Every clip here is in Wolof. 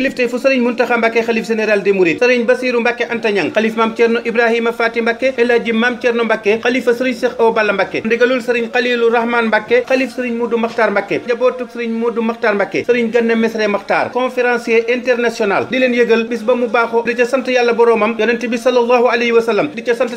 kilifteefu sëriñ Muntaxa Mbàkke xalif général des Mourides sëriñ Basiiru Mbàkke Anta Ñang xalif maam Cerno Ibrahima Faati Mbàkke El Hadji maam Cerno Mbàkke xalifa sëriñ Seex Awa Balla Mbàkke ndigalul sëriñ Xaliilu Rahmaan Mbàkke xalif sëriñ Mudu Maxtaar Mbàkke njabootuk sëriñ Mudu Maxtaar Mbàkke sëriñ Ganna Mesre Maxtaar conférencier international di leen yëgal bis ba mu baaxoo di ca sant yàlla boroomam yonente bi sallallahu alayhi wa di ca sant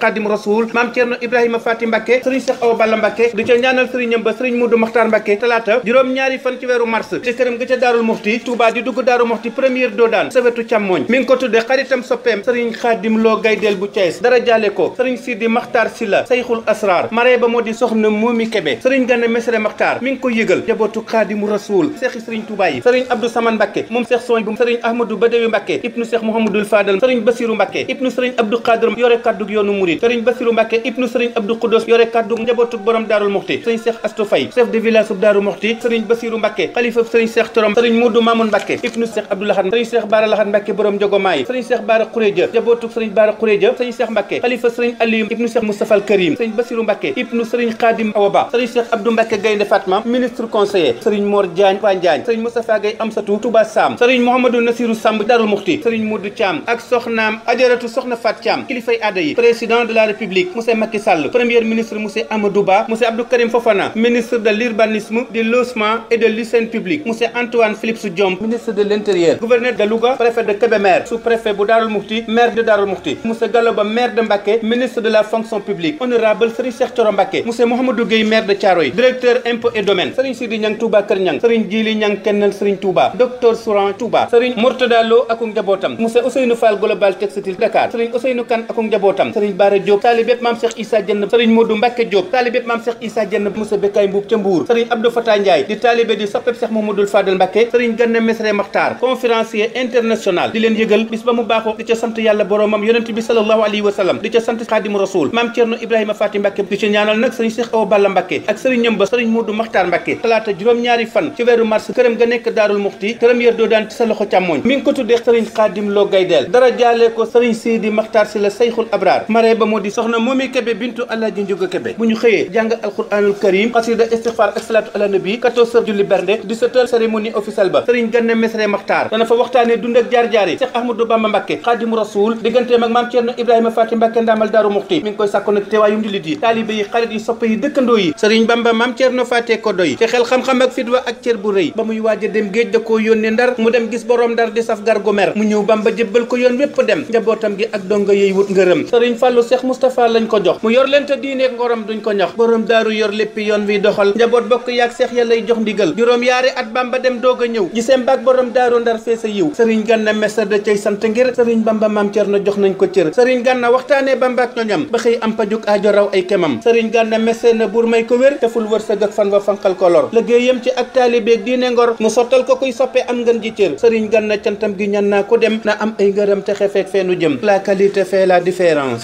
Samir dodan sa wetu min ko tudde xaritam sopem serign khadim lo gaydel bu Thiès dara jale ko serign Sidi Maxtaar Silla saykhul asrar mare ba modi soxna momi Kebe serign gane mesre Maxtaar min ko yëgal jabotu khadim rasuul cheikh serign Touba yi sëriñ Abdou Saman mbake mom cheikh soñ bu serign Ahmadou Badawi mbake ibnu cheikh Mouhamadul Fadal serign basirou mbake ibnu serign Abdou qadir yore kaddu yoonu murid serign basirou mbake ibnu serign Abdou qudous yore kaddu jabotu borom darul mukhti serign cheikh Astou fay chef de village bu Daarul Muxti sëriñ Basiru Mbakke xalifa sëriñ Seex Torom serign Modou Mamoun mbake ibnu cheikh abdou laxan sëriñ Cheikh Bara laxan Mbacke borom Njogomaay sëriñ Cheikh Bara Khourédia jabootug sëriñ Bara Khourédia sëriñ Cheikh Mbacke xalifa sëriñ Aliou ibnu Cheikh Moustapha al Karim sëriñ Bassirou Mbacke ibnu sëriñ Khadim Awaba sëriñ Cheikh Abdou Mbacke Gaynde Fatma ministre conseiller sëriñ Mor Diagne Pan Diagne sëriñ Moustapha Gaye Amsatou Touba Sam sëriñ Mouhamadou Nassirou Samb Darou Mouhty sëriñ Modou Thiam ak soxnaam Ajaratu soxna Fat Thiam kilifay aada yi président de la république monsieur Macky Sall premier ministre monsieur Amadou Ba monsieur Abdou Karim Fofana ministre de l'urbanisme du logement et de l'hygiène publique monsieur Antoine Philippe Diome ministre de l'intérieur gouverneur de Louga préfet de Kébémer sous-préfet bu Mouti, maire de Darul Mouhty monsieur Galoba maire de Mbaké, ministre de la fonction publique honorable Serigne Cheikh Thioro Mbaké, monsieur Mohamedou Gueye maire de Thiaroye directeur impôts et domaine, Serigne Sidi Niang Touba Kër Niang Serigne Djili Kennel Serigne Touba docteur Souran Touba Serigne Mourtada Lo ak njabootam monsieur Ousseynou Fall Global Textile Dakar Serigne Ousseynou Kane ak njabootam Serigne Bara Diop talibé Mam Cheikh Issa Diène Serigne Modou Mbaké Diop talibé Mam Cheikh Issa Diène monsieur Bekay Mboub ca Mbour Serigne Abdou Fatah Ndiaye di talibé di soppeb Cheikh Mamadou Fadel Mbaké, Serigne Ganna Messere conférence financier international di len yeugal bis ba mu baxo di ci sante yàlla boromam yonent bi sallallahu alayhi wa sallam di ci sante khadim rasul mam cierno ibrahim Faty mbake di ci ñaanal nak serigne Cheikh o Balla mbake ak serigne ñëm serigne mudou Makhtar mbake talaata juróom-ñaari fan ci wéru mars kërëm ga nek darul mufti kërëm yër do dan ci sa loxo càmmooñ mi ngi ko tuddé serigne khadim lo gaydel dara jale ko serigne Sidi Makhtar si la sayxul abraar maree ba modi soxna momi kebe bintu alaaji njuga kebe bu ñu xeye jàng alquranul karim qasida istighfar ak salatu ala nabi 14 heures julli bernde 17 heures cérémonie officielle ba serigne ganne mesre Makhtar dana dafa waxtane dund ak jar jaar yi Cheikh Ahmadou Bamba Mbacké khadim rasoul digganteem mak mam Thierno Ibrahima Faty Mbacké ndamal daru Muxti mi ngi koy sàkku nak tewayum jullit yi taalibe yi xarit yi soppe yi dekkando yi Serigne Bamba maam Thierno faté ko doy te xel xam-xam ak fitwa ak cër bu reuy bamuy muy dem géej da ko yonne ndar mu dem gis borom ndar di saf gar gu mer mu ñëw Bamba jébbal ko yon wépp dem njabotam gi ak donga yeey wut ngërëm Serigne Fallou Cheikh mustapha lañ ko jox mu yor leen diine ak ngorom duñ ko ñox borom daru yor léppi yon wi doxal njabot bokk yaak Cheikh ya lay jox ndigal juróom yaari at Bamba dem doga ñëw gisem bak borom daru ndar fess sa yiw sëriñ Ganna Messere da cay sant ngir sëriñ Bamba maam na jox nañ ko cër sëriñ Ganna waxtaanee Bamba ak ñoñam ba xëy am pajuk ajo raw ay kemam sëriñ Ganna Messere na buur may ko wér teful wërsëg ak fan wa fanqal ko lor liggéeyam ci ak taalibeeg diine ngor mu sottal ko kuy soppe am ngën ji cër sëriñ na cantam gi ñan naa ko dem na am ay ngërëm texe xefeek feenu jëm laa qualité fait la différence